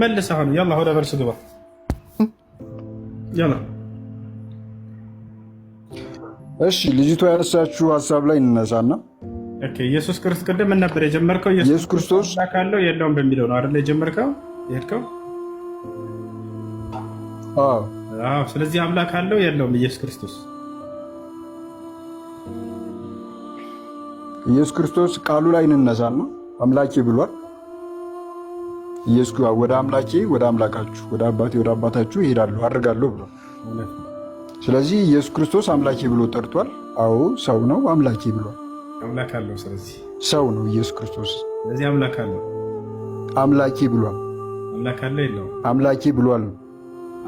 መልስ አሁን ያላ ወደ በርስ ግባ ያላ እሺ ልጅቷ ያነሳችሁ ሀሳብ ላይ እንነሳና ኢየሱስ ክርስቶስ ቅድም ምን ነበር የጀመርከው? ኢየሱስ ክርስቶስ ካለው የለውም በሚለው ነው አይደለ የጀመርከው የሄድከው? አዎ። ስለዚህ አምላክ አለው የለውም ኢየሱስ ክርስቶስ ኢየሱስ ክርስቶስ ቃሉ ላይ እንነሳና አምላኬ ብሏል ኢየሱስ ወደ አምላኬ ወደ አምላካችሁ ወደ አባቴ ወደ አባታችሁ ይሄዳሉ አድርጋለሁ ብሎ ስለዚህ ኢየሱስ ክርስቶስ አምላኬ ብሎ ጠርቷል። አዎ ሰው ነው አምላኬ ብሏል። አምላክ አለው። ስለዚህ ሰው ነው ኢየሱስ ክርስቶስ። ስለዚህ አምላክ አለው። አምላኬ ብሏል። አምላክ አለው የለው? አምላኬ ብሏል።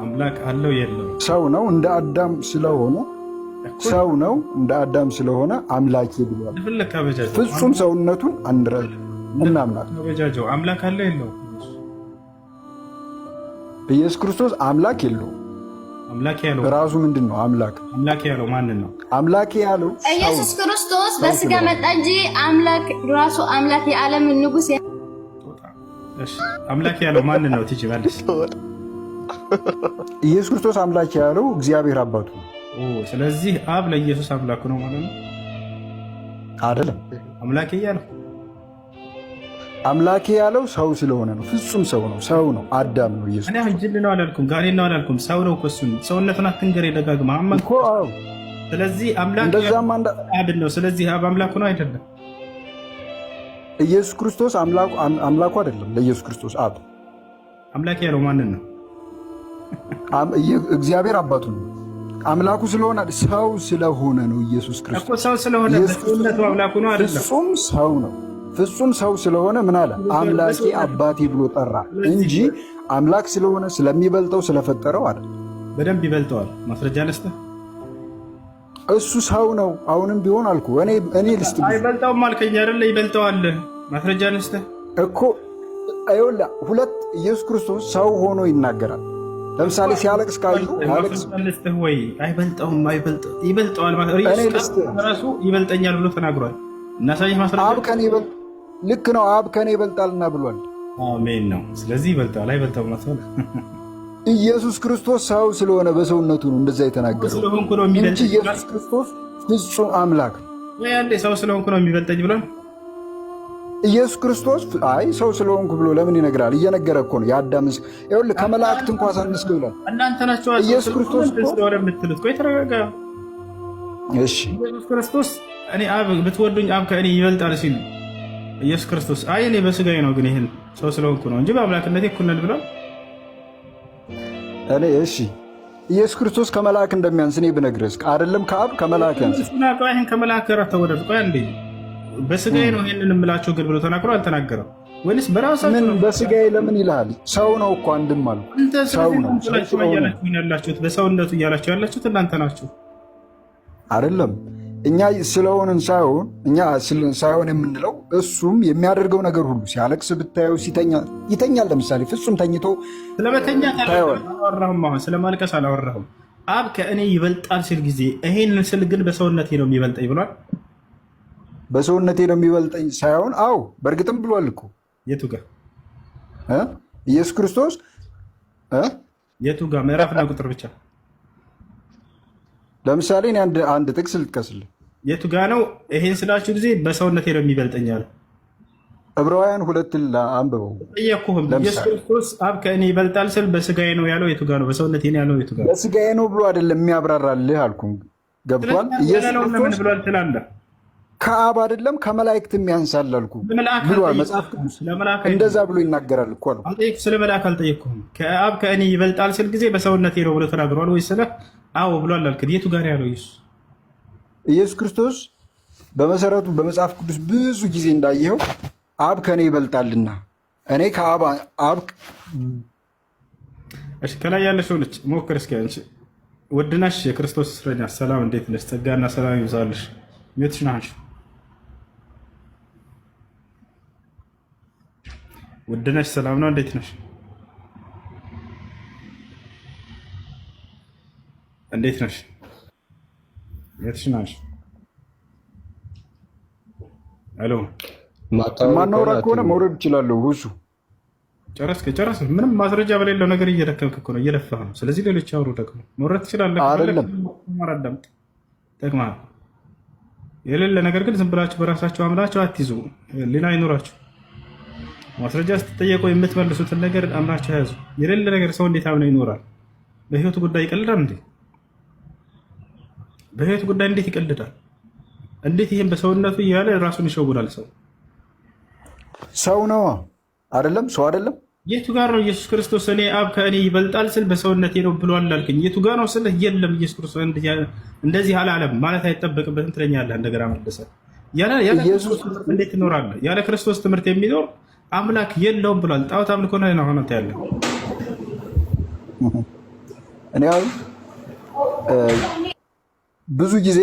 አምላክ አለው የለው? ሰው ነው እንደ አዳም ስለሆነ ሰው ነው እንደ አዳም ስለሆነ አምላኬ ብሏል። ፍጹም ሰውነቱን አንድረ እናምናል። አምላክ አለው የለው? ኢየሱስ ክርስቶስ አምላክ የለውም። ራሱ ምንድን ነው አምላክ? አምላክ ያለው ማንን ነው? አምላክ ያለው ኢየሱስ ክርስቶስ በስጋ መጣ እንጂ አምላክ ራሱ አምላክ የዓለም ንጉስ አምላክ ያለው ማን ነው? ትጂ መልስ። ኢየሱስ ክርስቶስ አምላክ ያለው እግዚአብሔር አባቱ ነው። ስለዚህ አብ ለኢየሱስ አምላክ ነው ማለት ነው አይደለም? አምላክ ያለው አምላኬ ያለው ሰው ስለሆነ ነው። ፍጹም ሰው ነው። ሰው ነው። አዳም ነው። ኢየሱስ እኔ ጅል ነው አላልኩም፣ ጋኔል ነው አላልኩም። ሰው ነው እኮ እሱ ሰውነቱን አትንገር ደጋግማ እኮ። አዎ ስለዚህ አምላክ አብን ነው። ስለዚህ አብ አምላኩ ነው አይደለም። ኢየሱስ ክርስቶስ አምላኩ አይደለም። ለኢየሱስ ክርስቶስ አብ አምላክ ያለው ማንን ነው? እግዚአብሔር አባቱ ነው። አምላኩ ስለሆነ ሰው ስለሆነ ነው። ኢየሱስ ክርስቶስ ሰው ስለሆነ አምላኩ ነው አይደለም። ፍጹም ሰው ነው። ፍጹም ሰው ስለሆነ ምን አለ? አምላኬ አባቴ ብሎ ጠራ እንጂ አምላክ ስለሆነ ስለሚበልጠው ስለፈጠረው አለ። በደንብ ይበልጠዋል። ማስረጃ ነስተ እሱ ሰው ነው። አሁንም ቢሆን አልኩ እኔ ልስጥ። አይበልጠውም አልከኝ አይደለ? ይበልጠዋል። ማስረጃ ነስተ እኮ ይኸውልህ፣ ሁለት ኢየሱስ ክርስቶስ ሰው ሆኖ ይናገራል። ለምሳሌ ሲያለቅስ ካዩ ልስጥህ ወይ አይበልጠውም። ይበልጠዋል። ራሱ ይበልጠኛል ብሎ ተናግሯል። እናሳይህ ማስረጃ ይበልጥ ልክ ነው። አብ ከኔ ይበልጣልና ብሏል። አሜን ነው። ስለዚህ ይበልጣል አይበልጣም ማለት ነው። ኢየሱስ ክርስቶስ ሰው ስለሆነ በሰውነቱ ነው እንደዛ የተናገረው እንጂ ኢየሱስ ክርስቶስ ፍጹም አምላክ ነው። ያንዴ ሰው ስለሆንኩ ነው የሚበልጠኝ ብሏል። ኢየሱስ ክርስቶስ አይ ሰው ስለሆንኩ ብሎ ለምን ይነግራል? እየነገረ እኮ ነው። የአዳምስ ይሁን ከመላእክት እንኳ ሳንስ ብሏል። እናንተ ናችሁ ኢየሱስ ክርስቶስ ስለሆነ የምትሉት። ቆይ ተረጋጋ። እሺ ኢየሱስ ክርስቶስ እኔ አብ ብትወዱኝ አብ ከእኔ ይበልጣል ሲል ኢየሱስ ክርስቶስ አይ እኔ በስጋዬ ነው ግን ይህን ሰው ስለሆንኩ ነው እንጂ በአምላክነቴ እኩል ነን ብሏል። እኔ እሺ ኢየሱስ ክርስቶስ ከመልአክ እንደሚያንስ እኔ ብነግርህ አይደለም ከአብ ከመልአክ ያንስ ይህን ከመልአክ ጋር ተወደድ ቆይ እንዴ በስጋዬ ነው ይህንን የምላቸው ግን ብሎ ተናግሮ አልተናገረም ወይስ በራሳቸው ምን በስጋዬ ለምን ይልሃል? ሰው ነው እኮ አንድም አሉ ሰው ነው ያላችሁት በሰውነቱ እያላችሁ ያላችሁት እናንተ ናችሁ አይደለም እኛ ስለሆንን ሳይሆን እኛ ሳይሆን የምንለው እሱም የሚያደርገው ነገር ሁሉ ሲያለቅስ ብታየው ሲተኛ ይተኛል። ለምሳሌ ፍጹም ተኝቶ ስለመተኛ አላወራሁም። ስለማልቀስ አላወራሁም። አብ ከእኔ ይበልጣል ሲል ጊዜ ይሄን ስል ግን በሰውነቴ ነው የሚበልጠኝ ብሏል። በሰውነቴ ነው የሚበልጠኝ ሳይሆን አዎ፣ በእርግጥም ብሏል እኮ የቱ ጋር ኢየሱስ ክርስቶስ የቱ ጋር ምዕራፍና ቁጥር ብቻ ለምሳሌ አንድ ጥቅስ ልጥቀስልህ የቱ ጋ ነው? ይሄን ስላችሁ ጊዜ በሰውነቴ ነው የሚበልጠኛል። ዕብራውያን ሁለት አንብበው። ጠየቅኩህም ኢየሱስ ክርስቶስ አብ ከእኔ ይበልጣል ስል በስጋዬ ነው ያለው የቱ ጋ ነው? በሰውነቴ ነው ያለው የቱ ጋ ነው? በስጋዬ ነው ብሎ አይደለም የሚያብራራልህ አልኩ። ገብቷል። ምን ብሏል ትላለህ? ከአብ አይደለም ከመላእክት የሚያንሳል አልኩ እንደዛ ብሎ ይናገራል እኮ አልኩ። ስለ መልአክ አልጠየቅኩም። ከአብ ከእኔ ይበልጣል ስል ጊዜ በሰውነቴ ነው ብሎ ተናግሯል ወይ ስለ አዎ ብሏል አልክ። የቱ ጋ ያለው ኢየሱስ ኢየሱስ ክርስቶስ በመሰረቱ በመጽሐፍ ቅዱስ ብዙ ጊዜ እንዳየኸው አብ ከእኔ ይበልጣልና እኔ ከአብ አብ እሺ፣ ከላይ ያለሽ ልጅ ሞክር እስኪ። አንቺ ውድነሽ የክርስቶስ እስረኛ ሰላም፣ እንዴት ነሽ? ጸጋና ሰላም ይብዛልሽ። ሜትሽ ና አንቺ ውድነሽ ሰላም ነው፣ እንዴት ነሽ? እንዴት ነሽ? የትሽ ናሽ? ሄሎ ከሆነ መውረድ እችላለሁ። ብዙ ጨረስክ ጨረስክ። ምንም ማስረጃ በሌለው ነገር እየደከምክ እኮ ነው፣ እየለፋህ ነው። ስለዚህ ሌሎች አውሩ ደግሞ መውረድ ትችላለህ። አዳምጥ፣ ይጠቅማል። የሌለ ነገር ግን ዝም ብላችሁ በራሳችሁ አምላችሁ አትይዙ። ሌላ አይኖራችሁ ማስረጃ ስትጠየቁ የምትመልሱትን ነገር አምናችሁ ያዙ። የሌለ ነገር ሰው እንዴት አምነው ይኖራል? በህይወቱ ጉዳይ ይቀልዳል እንዴ? በህይወት ጉዳይ እንዴት ይቀልዳል? እንዴት ይህም በሰውነቱ እያለ ራሱን ይሸውናል? ሰው ሰው ነው አይደለም? ሰው አይደለም? የቱ ጋር ነው ኢየሱስ ክርስቶስ እኔ አብ ከእኔ ይበልጣል ስል በሰውነቴ ነው ብሏል አልከኝ። የቱ ጋር ነው ስልህ የለም ኢየሱስ ክርስቶስ እንደዚህ አላለም ማለት አይጠበቅበትም ትለኛለህ። እንደገና መለሰ እንዴት ትኖራለህ? ያለ ክርስቶስ ትምህርት የሚኖር አምላክ የለውም ብሏል። ጣዖት አምልኮ ነው ሆነት ያለ እኔ ብዙ ጊዜ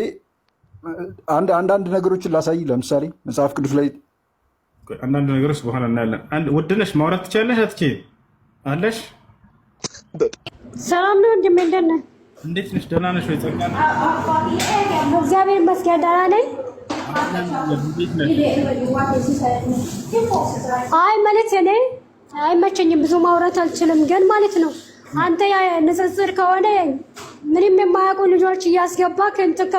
አንዳንድ ነገሮችን ላሳይ። ለምሳሌ መጽሐፍ ቅዱስ ላይ አንዳንድ ነገሮች በኋላ እናያለን። ወደነሽ ማውራት ትችላለሽ። አትች አለሽ። ሰላም ነው ወንድሜ፣ እንደት ነህ? እንዴት ነሽ? ደህና ነሽ ወይ? ጸጋ ነው፣ እግዚአብሔር ይመስገን ደህና ነኝ። አይ ማለት እኔ አይመቸኝም ብዙ ማውራት አልችልም፣ ግን ማለት ነው አንተ ንጽጽር ከሆነ ምንም የማያውቁ ልጆች እያስገባ ከእንትን ከ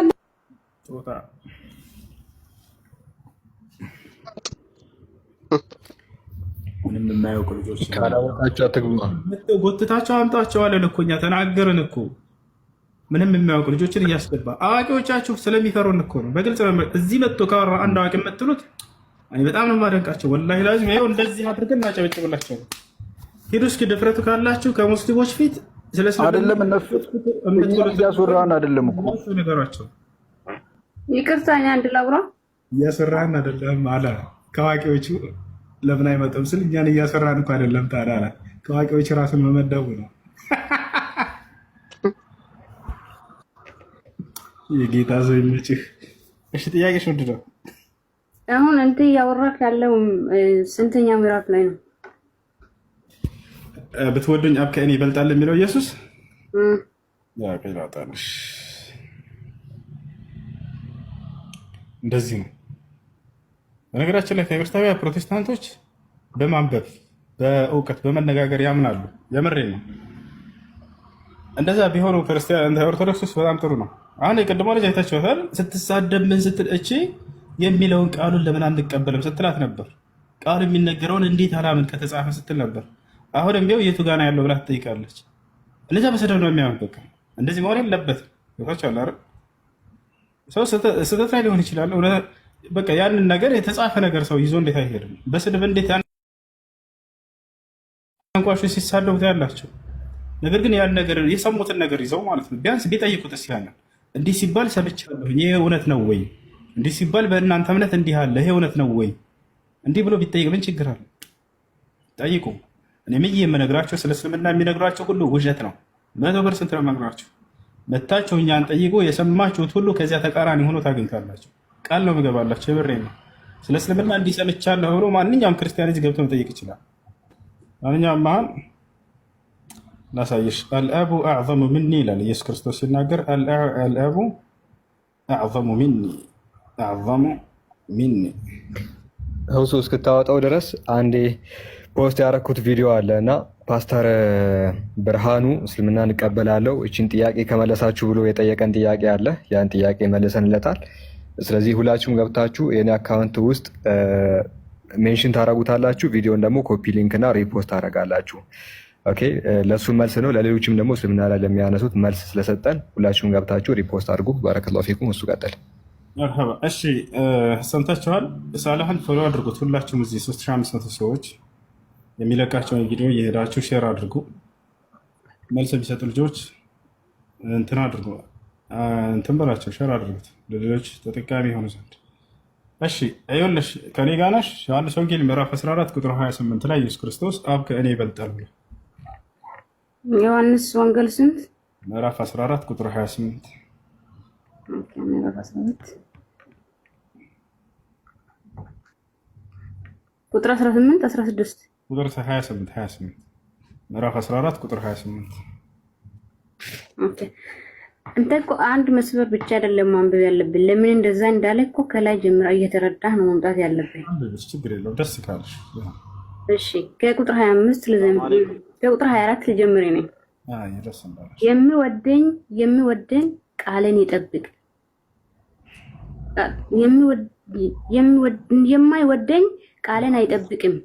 ምንም የማያውቁ ልጆች ጎትታቸው አምጣቸዋለን እኮ እኛ ተናገርን እኮ። ምንም የሚያውቁ ልጆችን እያስገባ አዋቂዎቻችሁ ስለሚፈሩን እኮ ነው። በግልጽ እዚህ መጥቶ ካወራ አንድ አዋቂ የምትሉት እኔ በጣም ነው የማደንቃቸው። ወላሂ ላዚም ይኸው እንደዚህ አድርገን እናጨበጭብላቸው። ሂዱ እስኪ ድፍረቱ ካላችሁ ከሙስሊሞች ፊት አይደለም እነፈትኩት እያስወራህን አይደለም እኮ ነገሯቸው። ይቅርታ አንድ ለብሯ እያስወራህን አይደለም አለ። ከዋቂዎቹ ለምን አይመጣም ስል እኛን እያስወራህን እኮ አይደለም ታዲያ አለ። ከዋቂዎቹ ራሱን መመደቡ ነው። የጌታ ሰው ይመችህ። እሺ ጥያቄሽ ምንድን ነው? አሁን እንትን እያወራህ ያለው ስንተኛ ምዕራፍ ላይ ነው? ብትወዱኝ አብ ከእኔ ይበልጣል የሚለው ኢየሱስ እንደዚህ ነው። በነገራችን ላይ ፌቨርስታዊ ፕሮቴስታንቶች በማንበብ በእውቀት በመነጋገር ያምናሉ። የምሬ ነው። እንደዛ ቢሆኑ ኦርቶዶክስ በጣም ጥሩ ነው። አሁን የቅድሞ ልጅ አይታችኋታል። ስትሳደብ ምን ስትል እቺ የሚለውን ቃሉን ለምን አንቀበልም ስትላት ነበር። ቃሉ የሚነገረውን እንዴት አላምን ከተጻፈ ስትል ነበር አሁንም ቢው የቱ ጋና ያለው ብላ ትጠይቃለች። እንደዚያ በስድብ ነው የሚያምን። በቃ እንደዚህ መሆን የለበትም። ገብቷችኋል አረ ሰው ስህተት ላይ ሊሆን ይችላል። በቃ ያንን ነገር የተጻፈ ነገር ሰው ይዞ እንዴት አይሄድም? በስድብ እንዴት አንቋሾች ሲሳደቡ ያላቸው ነገር ግን ያን ነገር የሰሙትን ነገር ይዘው ማለት ነው ቢያንስ ቢጠይቁት ስ ያለን እንዲህ ሲባል ሰምቻለሁ፣ ይሄ እውነት ነው ወይ? እንዲህ ሲባል በእናንተ እምነት እንዲህ አለ፣ ይሄ እውነት ነው ወይ? እንዲህ ብሎ ቢጠይቅ ምን ችግር አለ? ጠይቁ። እኔ ምዬ የምነግራቸው ስለ እስልምና የሚነግራቸው ሁሉ ውሸት ነው። መቶ ፐርሰንት ነው የምነግራቸው። መታቸው እኛን ጠይቆ የሰማችሁት ሁሉ ከዚያ ተቃራኒ ሆኖ ታገኝታላቸው። ቃል ነው የምገባላችሁ። የብሬ ነው። ስለ እስልምና እንዲሰምቻለሁ ብሎ ማንኛውም ክርስቲያን ልጅ ገብቶ መጠየቅ ይችላል። ማንኛውም መሀል ላሳየሽ። አልአቡ አዕዘሙ ሚኒ ይላል ኢየሱስ ክርስቶስ ሲናገር፣ አልአቡ አዕዘሙ ሚኒ አዕዘሙ ሚኒ እሱ እስክታወጣው ድረስ አንዴ ፖስት ያደረኩት ቪዲዮ አለ እና ፓስተር ብርሃኑ እስልምና እንቀበላለው እችን ጥያቄ ከመለሳችሁ ብሎ የጠየቀን ጥያቄ አለ። ያን ጥያቄ መልሰንለታል። ስለዚህ ሁላችሁም ገብታችሁ የኔ አካውንት ውስጥ ሜንሽን ታደርጉታላችሁ። ቪዲዮን ደግሞ ኮፒ ሊንክና ሪፖስት ታደርጋላችሁ። ኦኬ ለእሱ መልስ ነው። ለሌሎችም ደግሞ እስልምና ላይ ለሚያነሱት መልስ ስለሰጠን ሁላችሁም ገብታችሁ ሪፖስት አድርጉ። ባረከላሁ ፊኩም። እሱ ቀጠል። መርሐባ። እሺ ሰምታችኋል። ሳላህን ፎሎ አድርጉት ሁላችሁም እዚህ 3500 ሰዎች የሚለቃቸውን ቪዲዮ የሄዳችሁ ሼር አድርጉ። መልስ የሚሰጡ ልጆች እንትን አድርጉ እንትን በላቸው ሼር አድርጉት ለሌሎች ተጠቃሚ የሆኑ ዘንድ። እሺ ይኸውልሽ ከኔ ጋር ነሽ። ዮሐንስ ወንጌል ምዕራፍ 14 ቁጥር 28 ላይ ኢየሱስ ክርስቶስ አብ ከእኔ ይበልጣል ብሎ ዮሐንስ ወንጌል ስንት ምዕራፍ 14 ቁጥር 28 ቁጥር 18 16 ቁጥር 28 28 ምዕራፍ 14 ቁጥር 28 አንተ እኮ አንድ መስበር ብቻ አይደለም ማንበብ ያለብን። ለምን እንደዛ እንዳለ እኮ ከላይ ጀምራ እየተረዳህ ነው መምጣት ያለብን። ችግር የለው ደስ ካለሽ። እሺ ከቁጥር 25 ልዘምር፣ ከቁጥር 24 ልጀምር። ነኝ የሚወደኝ የሚወደኝ ቃልን ይጠብቅ የማይወደኝ ቃልን አይጠብቅም።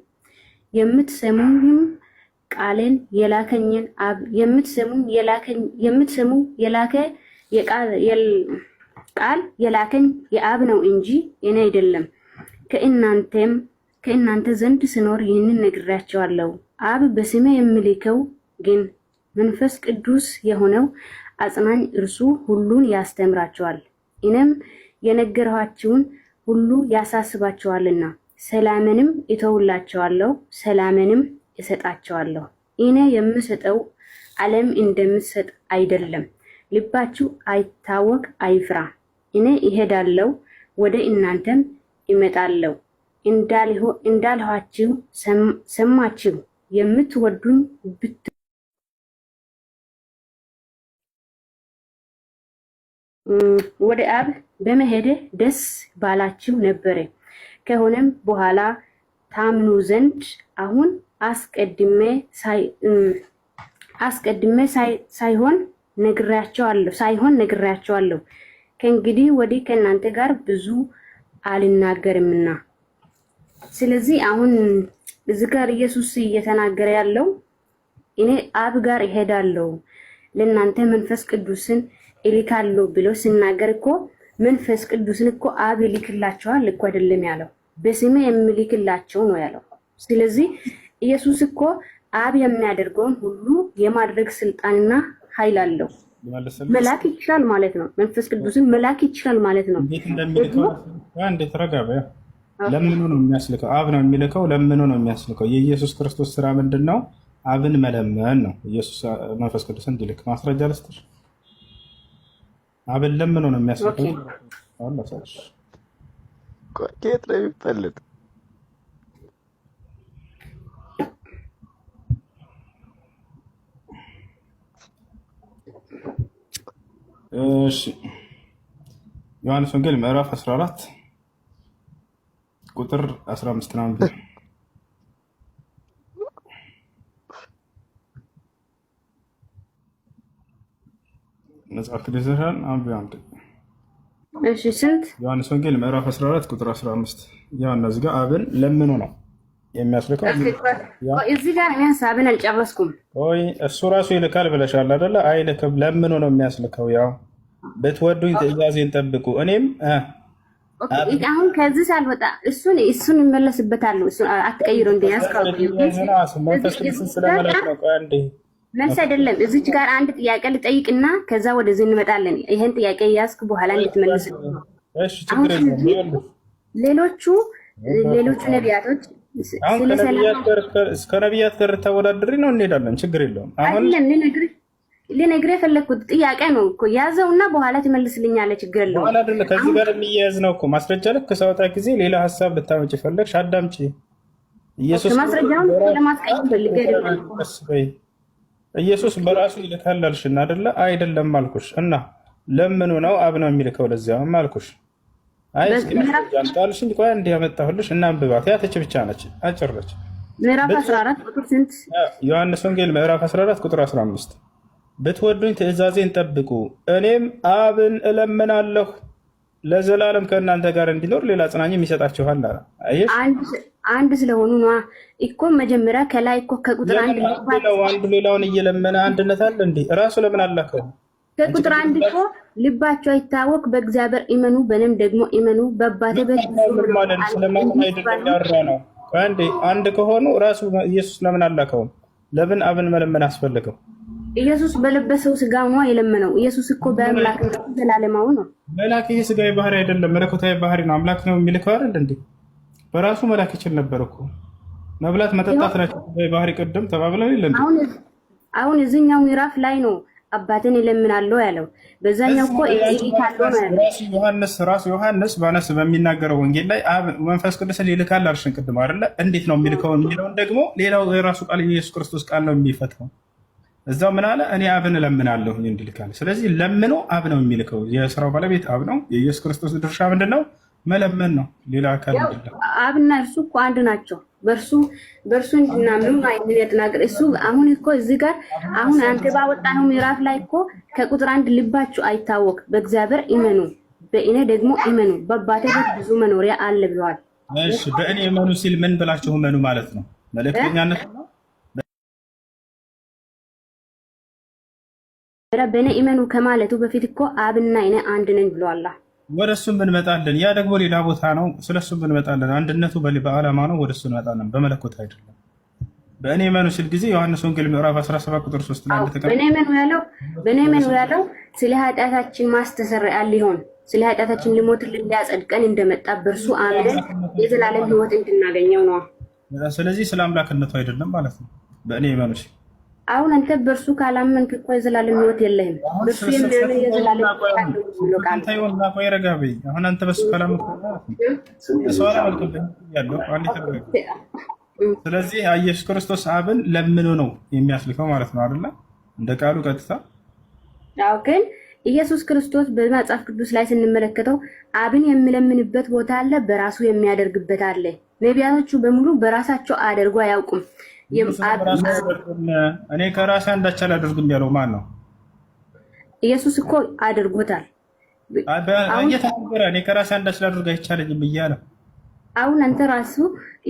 የምትሰሙኝም ቃልን የላከኝን አብ የምትሰሙ የላከ ቃል የላከኝ የአብ ነው እንጂ እኔ አይደለም። ከእናንተም ከእናንተ ዘንድ ስኖር ይህንን ነግራቸዋለሁ። አብ በስሜ የምልከው ግን መንፈስ ቅዱስ የሆነው አጽናኝ እርሱ ሁሉን ያስተምራቸዋል፣ እኔም የነገርኋችሁን ሁሉ ያሳስባቸዋልና ሰላምንም እተውላቸዋለሁ፣ ሰላምንም እሰጣቸዋለሁ። እኔ የምሰጠው ዓለም እንደምሰጥ አይደለም። ልባችሁ አይታወክ፣ አይፍራ። እኔ እሄዳለሁ፣ ወደ እናንተም እመጣለሁ እንዳልኋችሁ ሰማችሁ። የምትወዱኝ ብት ወደ አብ በመሄደ ደስ ባላችሁ ነበረ። ከሆነም በኋላ ታምኑ ዘንድ አሁን አስቀድሜ ሳይሆን ነግሬያቸዋለሁ ሳይሆን ነግሬያቸዋለሁ። ከእንግዲህ ወዲህ ከእናንተ ጋር ብዙ አልናገርምና። ስለዚህ አሁን እዚ ጋር ኢየሱስ እየተናገረ ያለው እኔ አብ ጋር እሄዳለሁ ለእናንተ መንፈስ ቅዱስን እልካለሁ ብሎ ሲናገር እኮ መንፈስ ቅዱስን እኮ አብ ይልክላቸዋል እኮ አይደለም ያለው፣ በስሜ የምልክላቸው ነው ያለው። ስለዚህ ኢየሱስ እኮ አብ የሚያደርገውን ሁሉ የማድረግ ስልጣንና ኃይል አለው። መላክ ይችላል ማለት ነው። መንፈስ ቅዱስን መላክ ይችላል ማለት ነው። እንዴት ረጋ ለምኑ ነው የሚያስልከው? አብ ነው የሚልከው። ለምኑ ነው የሚያስልከው? የኢየሱስ ክርስቶስ ስራ ምንድን ነው? አብን መለመን ነው። ኢየሱስ መንፈስ ቅዱስ እንዲልክ ማስረጃ ልስጥሽ። አብን ለምኖ ነው የሚያስፈልግ። ከየት ነው የሚፈልጥ? እሺ ዮሐንስ ወንጌል ምዕራፍ 14 ቁጥር 15 ነው። መጽሐፍ ቅዱስህን አንብብ አምጥ። እሺ ስንት? ዮሐንስ ወንጌል ምዕራፍ 14 ቁጥር 15። ያው እነዚህ ጋር አብን ለምኑ ነው የሚያስልከው። እዚህ ጋር እኔ ሀሳብን አልጨረስኩም። ቆይ እሱ ራሱ ይልካል ብለሻል አይደለ? አይልክም፣ ለምኑ ነው የሚያስልከው። ያው ብትወዱኝ ትእዛዜን ጠብቁ እኔም አሁን ከዚህ ሳልወጣ እሱን እሱን እመለስበታለሁ። እሱን አትቀይረው እንደ ያስቀሩ መልስ አይደለም። እዚች ጋር አንድ ጥያቄ ልጠይቅና ከዛ ወደዚህ እንመጣለን። ይሄን ጥያቄ እያዝክ በኋላ እንድትመልስ። ሌሎቹ ሌሎቹ ነቢያቶች እስከ ነቢያት ጋር ታወዳድሪ ነው እንሄዳለን። ችግር የለውም። ልነግርህ የፈለግኩት ጥያቄ ነው እኮ እና በኋላ ትመልስልኛለህ። ችግር የለውም። በኋላ አይደለ ከዚህ ጋር የሚያያዝ ነው እኮ ማስረጃ። ልክ ሳወጣ ጊዜ ሌላ ሀሳብ ልታመጭ ፈለግሽ፣ አዳምጪ። ኢየሱስ ማስረጃውን ለማስቀየም ፈልገ ኢየሱስ በራሱ ይልካል አልሽና አይደለ? አይደለም አልኩሽ። እና ለምኑ ነው አብ ነው የሚልከው። ለዚያም አልኩሽ። አይስጣልሽ እስኪ ያምጣልሽኝ፣ ቆይ እንዲህ ያመጣሁልሽ እና አንብባት። ያተች ብቻ ነች፣ አጭር ነች። ዮሐንስ ወንጌል ምዕራፍ 14 ቁጥር 15 ብትወዱኝ ትእዛዜን ጠብቁ፣ እኔም አብን እለምናለሁ ለዘላለም ከእናንተ ጋር እንዲኖር ሌላ አጽናኝ የሚሰጣችኋል። አንድ ስለሆኑ ነ እኮ መጀመሪያ ከላይ እኮ ከቁጥር አንድ አንዱ ሌላውን እየለመነ አንድነት አለ እንዴ? ራሱ ለምን አላከው? ከቁጥር አንድ እኮ ልባቸው አይታወቅ፣ በእግዚአብሔር ኢመኑ በእኔም ደግሞ ኢመኑ በአባቴ ስለማይደራ ነው። አንድ ከሆኑ ራሱ ኢየሱስ ለምን አላከውም? ለምን አብን መለመን አስፈልገው? ኢየሱስ በለበሰው ስጋ ነው የለመነው። ኢየሱስ እኮ በአምላክ ዘላለማዊ ነው። መላክ ይሄ ስጋዊ ባህሪ አይደለም፣ መለኮታዊ ባህሪ ነው። አምላክ ነው የሚልከው አይደል እንዴ? በራሱ መላክ ይችል ነበር እኮ። መብላት መጠጣት ናቸው ባህሪ። ቅድም ተባብለው የለም። አሁን እዚኛው ምዕራፍ ላይ ነው አባትን እለምናለሁ ያለው። በዛኛው እኮ ዮሐንስ ራሱ ዮሐንስ ባነስ በሚናገረው ወንጌል ላይ መንፈስ ቅዱስን ይልካል አልሽን ቅድም አይደለ? እንዴት ነው የሚልከው የሚለውን ደግሞ ሌላው የራሱ ቃል የኢየሱስ ክርስቶስ ቃል ነው የሚፈትነው እዛው ምን አለ? እኔ አብን እለምናለሁ እንድልካል። ስለዚህ ለምኖ አብ ነው የሚልከው። የስራው ባለቤት አብ ነው። የኢየሱስ ክርስቶስ ድርሻ ምንድን ነው? መለመን ነው። ሌላ አካል አብና እርሱ እኮ አንድ ናቸው። በእርሱ በእርሱ እንድና እንድናምኑ አይምን ያደናገር እሱ አሁን እኮ እዚህ ጋር አሁን አንተ ባወጣ ነው ምዕራፍ ላይ እኮ ከቁጥር አንድ ልባችሁ አይታወቅ፣ በእግዚአብሔር እመኑ፣ በእኔ ደግሞ እመኑ፣ በአባቴ ቤት ብዙ መኖሪያ አለ ብለዋል። እሺ በእኔ እመኑ ሲል ምን ብላችሁ እመኑ ማለት ነው? መልእክተኛነት ነው መጀመሪያ በእኔ እመኑ ከማለቱ በፊት እኮ አብና እኔ አንድ ነኝ ብሎ አላህ ወደ እሱም ብንመጣለን፣ ያ ደግሞ ሌላ ቦታ ነው። ስለ እሱም ብንመጣለን፣ አንድነቱ በዓላማ ነው። ወደ እሱ እንመጣለን፣ በመለኮት አይደለም። በእኔ መኑ ሲል ጊዜ ዮሐንስ ወንጌል ምዕራፍ 17 ቁጥር 3 ላይ ያለው በእኔ መኑ ያለው ስለ ኃጢአታችን ማስተሰሪያ ሊሆን ስለ ኃጢአታችን ሊሞትልን ሊያጸድቀን እንደመጣ በእርሱ አምነን የዘላለም ሕይወት እንድናገኘው ነው። ስለዚህ ስለ አምላክነቱ አይደለም ማለት ነው በእኔ መኑ ሲል አሁን አንተ በእርሱ ካላመንክ እኮ የዘላለም ህይወት የለህም። እርሱ የሚሆነ የዘላለም አሁን አንተ በእሱ ካላመንክ ስለዚህ ኢየሱስ ክርስቶስ አብን ለምኖ ነው የሚያስልከው ማለት ነው አይደለ? እንደ ቃሉ ቀጥታ። አዎ፣ ግን ኢየሱስ ክርስቶስ በመጽሐፍ ቅዱስ ላይ ስንመለከተው አብን የሚለምንበት ቦታ አለ፣ በራሱ የሚያደርግበት አለ። ነቢያቶቹ በሙሉ በራሳቸው አድርጎ አያውቁም። እኔ ከራሴ አንዳች አላደርግም ያለው ማን ነው? ኢየሱስ እኮ አድርጎታል። እየተናገረ እኔ ከራሴ አንዳች ላደርግ አይቻለኝም እያለ አሁን አንተ ራሱ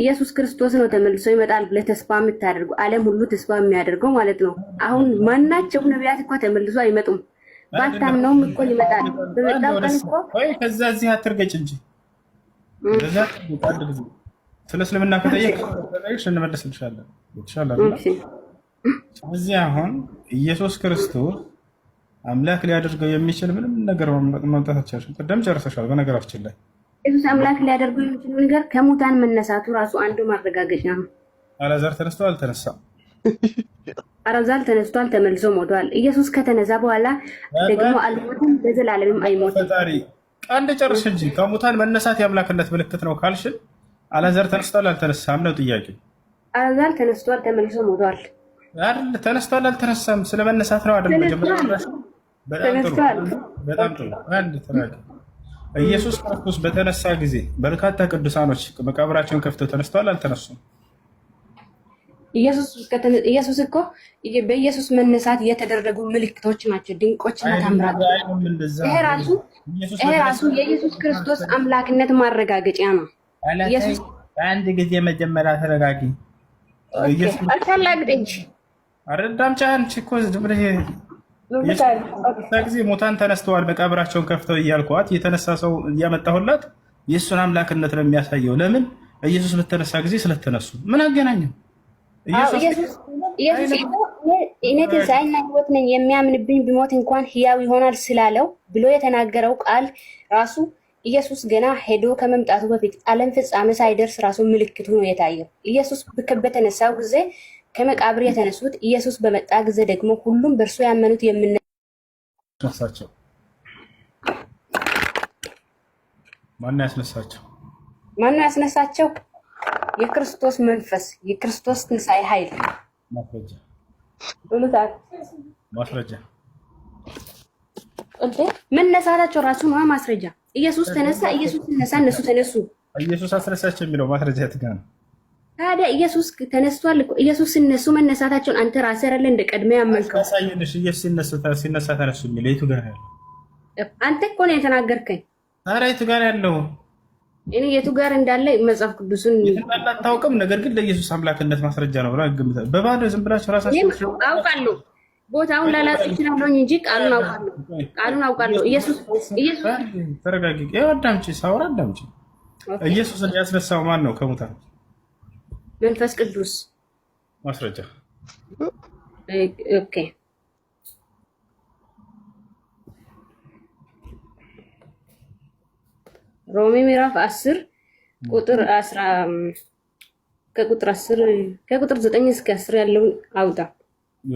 ኢየሱስ ክርስቶስ ነው ተመልሶ ይመጣል ብለህ ተስፋ የምታደርገው ዓለም ሁሉ ተስፋ የሚያደርገው ማለት ነው። አሁን ማናቸው ነቢያት እኮ ተመልሶ አይመጡም። ባታምነውም እኮ ይመጣል። በመጣው ቀን እኮ ከዛ እዚህ አትርገጭ እንጂ ዛ ስለ እስልምና ከጠየቅ እንመልስልሻለን። ስለዚህ አሁን ኢየሱስ ክርስቶስ አምላክ ሊያደርገው የሚችል ምንም ነገር ማምጣት ቅደም ጨርሰሻል። በነገራችን ላይ ኢየሱስ አምላክ ሊያደርገው የሚችል ነገር ከሙታን መነሳቱ ራሱ አንዱ ማረጋገጫ ነው። አላዛር ተነስቶ አልተነሳም። አላዛር ተነስቷል፣ ተመልሶ ሞቷል። ኢየሱስ ከተነሳ በኋላ ደግሞ አልሞትም፣ በዘላለምም አይሞትም። ቀንድ አንድ ጨርሽ እንጂ ከሙታን መነሳት የአምላክነት ምልክት ነው ካልሽን አላዛር ተነስቷል አልተነሳም ነው ጥያቄ። አላዛር ተነስቷል ተመልሶ ሞቷል አይደል? ተነስቷል አልተነሳም ስለመነሳት ነው አይደል? በጣም ጥሩ። አንድ ኢየሱስ ክርስቶስ በተነሳ ጊዜ በርካታ ቅዱሳኖች መቃብራቸውን ከፍተው ተነስተዋል አልተነሱም? ኢየሱስ እኮ በኢየሱስ መነሳት የተደረጉ ምልክቶች ናቸው፣ ድንቆች እና ታምራት። ይሄ ራሱ የኢየሱስ ክርስቶስ አምላክነት ማረጋገጫ ነው። አንድ ጊዜ መጀመሪያ ተረጋጊ። ጊዜ ሙታን ተነስተዋል መቃብራቸውን ከፍተው እያልኳት የተነሳ ሰው እያመጣሁላት የእሱን አምላክነት ነው የሚያሳየው። ለምን ኢየሱስ በተነሳ ጊዜ ስለተነሱ ምን አገናኘው? እኔ ትንሣኤና ህይወት ነኝ የሚያምንብኝ ቢሞት እንኳን ህያው ይሆናል ስላለው ብሎ የተናገረው ቃል ራሱ ኢየሱስ ገና ሄዶ ከመምጣቱ በፊት ዓለም ፍጻሜ ሳይደርስ ራሱ ምልክቱ ነው የታየው። ኢየሱስ በተነሳው ጊዜ ከመቃብር የተነሱት፣ ኢየሱስ በመጣ ጊዜ ደግሞ ሁሉም በእርሱ ያመኑት የምናሳቸው ማነው ያስነሳቸው? ማነው ያስነሳቸው? የክርስቶስ መንፈስ፣ የክርስቶስ ትንሣኤ ኃይል ማስረጃ መነሳታቸው ራሱ ማስረጃ ኢየሱስ ተነሳ፣ ኢየሱስ ተነሳ፣ እነሱ ተነሱ። ኢየሱስ አስነሳቸው የሚለው ማስረጃ የት ጋር ነው? ታዲያ ኢየሱስ ተነስቷል እኮ። ኢየሱስ ሲነሱ መነሳታቸውን አንተ ራስህ እንደ ቀድሜ ያመልከው። ሳይነሽ ኢየሱስ ሲነሳ ተነሱ የሚለው የቱ ጋር ያለው? አንተ እኮ ነው የተናገርከኝ። ታዲያ የቱ ጋር ያለው? እኔ የቱ ጋር እንዳለ መጽሐፍ ቅዱስን አታውቅም። ነገር ግን ለኢየሱስ አምላክነት ማስረጃ ነው ብላ ግምታ በባዶ ዝም ብላችሁ ራሳችሁ አውቃለሁ ቦታውን ላላጽ ይችላለሁ እንጂ ቃሉን አውቃለሁ። ቃሉን አውቃለሁ። ኢየሱስ ኢየሱስ ተረጋጊ። አዳምጪ፣ ሳውራ አዳምጪ። ያስነሳው ማን ነው ከሙታን? መንፈስ ቅዱስ። ማስረጃ ኦኬ። ሮሜ ምዕራፍ ቁጥር አስራ ከቁጥር አስር ከቁጥር ዘጠኝ እስከ አስር ያለውን አውጣ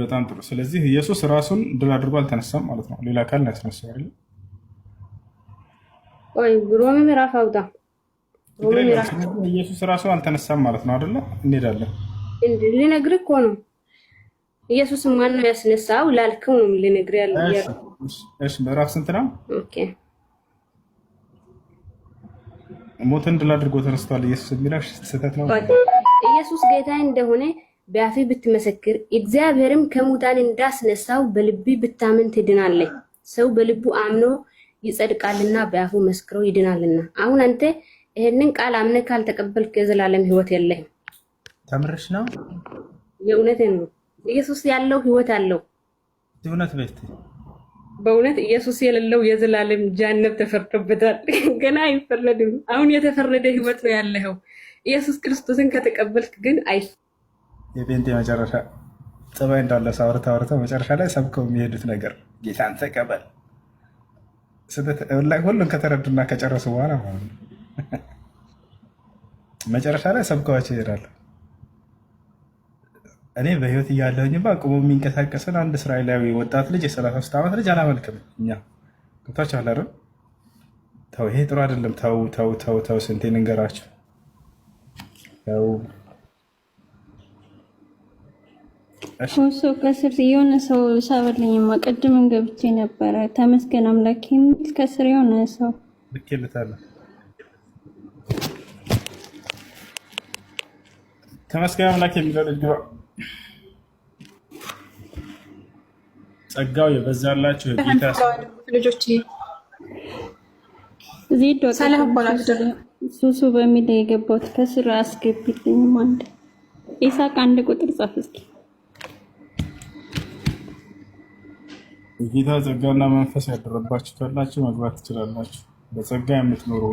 በጣም ጥሩ። ስለዚህ ኢየሱስ ራሱን ድል አድርጎ አልተነሳም ማለት ነው። ሌላ አካል ነው ያስነሳው አይደል? ቆይ ሮሜ ምዕራፍ አውጣ። ኢየሱስ ራሱን አልተነሳም ማለት ነው አይደለ? እንሄዳለን። ልነግርህ እኮ ነው ኢየሱስ ማን ነው ያስነሳው ላልከው ነው ልነግርህ ያለው። እሺ ምዕራፍ ስንት ነው? ኦኬ ሞትን ድል አድርጎ ተነስቷል ኢየሱስ የሚለው ስህተት ነው። ኢየሱስ ጌታ እንደሆነ በአፌ ብትመሰክር እግዚአብሔርም ከሙታን እንዳስነሳው በልቢ ብታምን ትድናለች ሰው በልቡ አምኖ ይጸድቃልና በአፉ መስክሮ ይድናልና። አሁን አንተ ይህንን ቃል አምነ ካልተቀበልክ የዘላለም ህይወት የለህም። ተምርሽ ነው። የእውነትን ነው። ኢየሱስ ያለው ሕይወት አለው። እውነት ቤት በእውነት ኢየሱስ የሌለው የዘላለም ጃነብ ተፈርዶበታል። ገና አይፈረድም። አሁን የተፈረደ ህይወት ነው ያለው ኢየሱስ ክርስቶስን ከተቀበልክ ግን አይ የጴንጤ መጨረሻ ጥባይ እንዳለ አውርተህ አውርተህ መጨረሻ ላይ ሰብከው የሚሄዱት ነገር ጌታን ተቀበል ላይ ሁሉን ከተረዱና ከጨረሱ በኋላ ማለት ነው። መጨረሻ ላይ ሰብከዋቸው ይሄዳል። እኔ በህይወት እያለሁኝማ ቁሞ የሚንቀሳቀስን አንድ እስራኤላዊ ወጣት ልጅ የሰላሳ ሦስት ዓመት ልጅ አላመልክም። እኛ ገብቷችኋል አይደል? ተው፣ ይሄ ጥሩ አይደለም። ተው ተው ተው ተው፣ ስንቴ ንገራቸው። ኮንሶ ከስር የሆነ ሰው ሳበልኝማ ቅድምን ገብቼ ነበረ። ተመስገን አምላክ የሚል ከስር የሆነ ሰው ልኬልታለሁ። ተመስገን አምላክ የሚለው ልጅ ግባ። ጸጋው የበዛላችሁ የጌታ ልጆች ዜዶ ሱሱ በሚል የገባሁት ከስር አስገቢልኝም። አንድ ኢሳቅ አንድ ቁጥር ጻፍ እስኪ የጌታ ጸጋና መንፈስ ያደረባችሁ ካላችሁ መግባት ትችላላችሁ። በጸጋ የምትኖሩ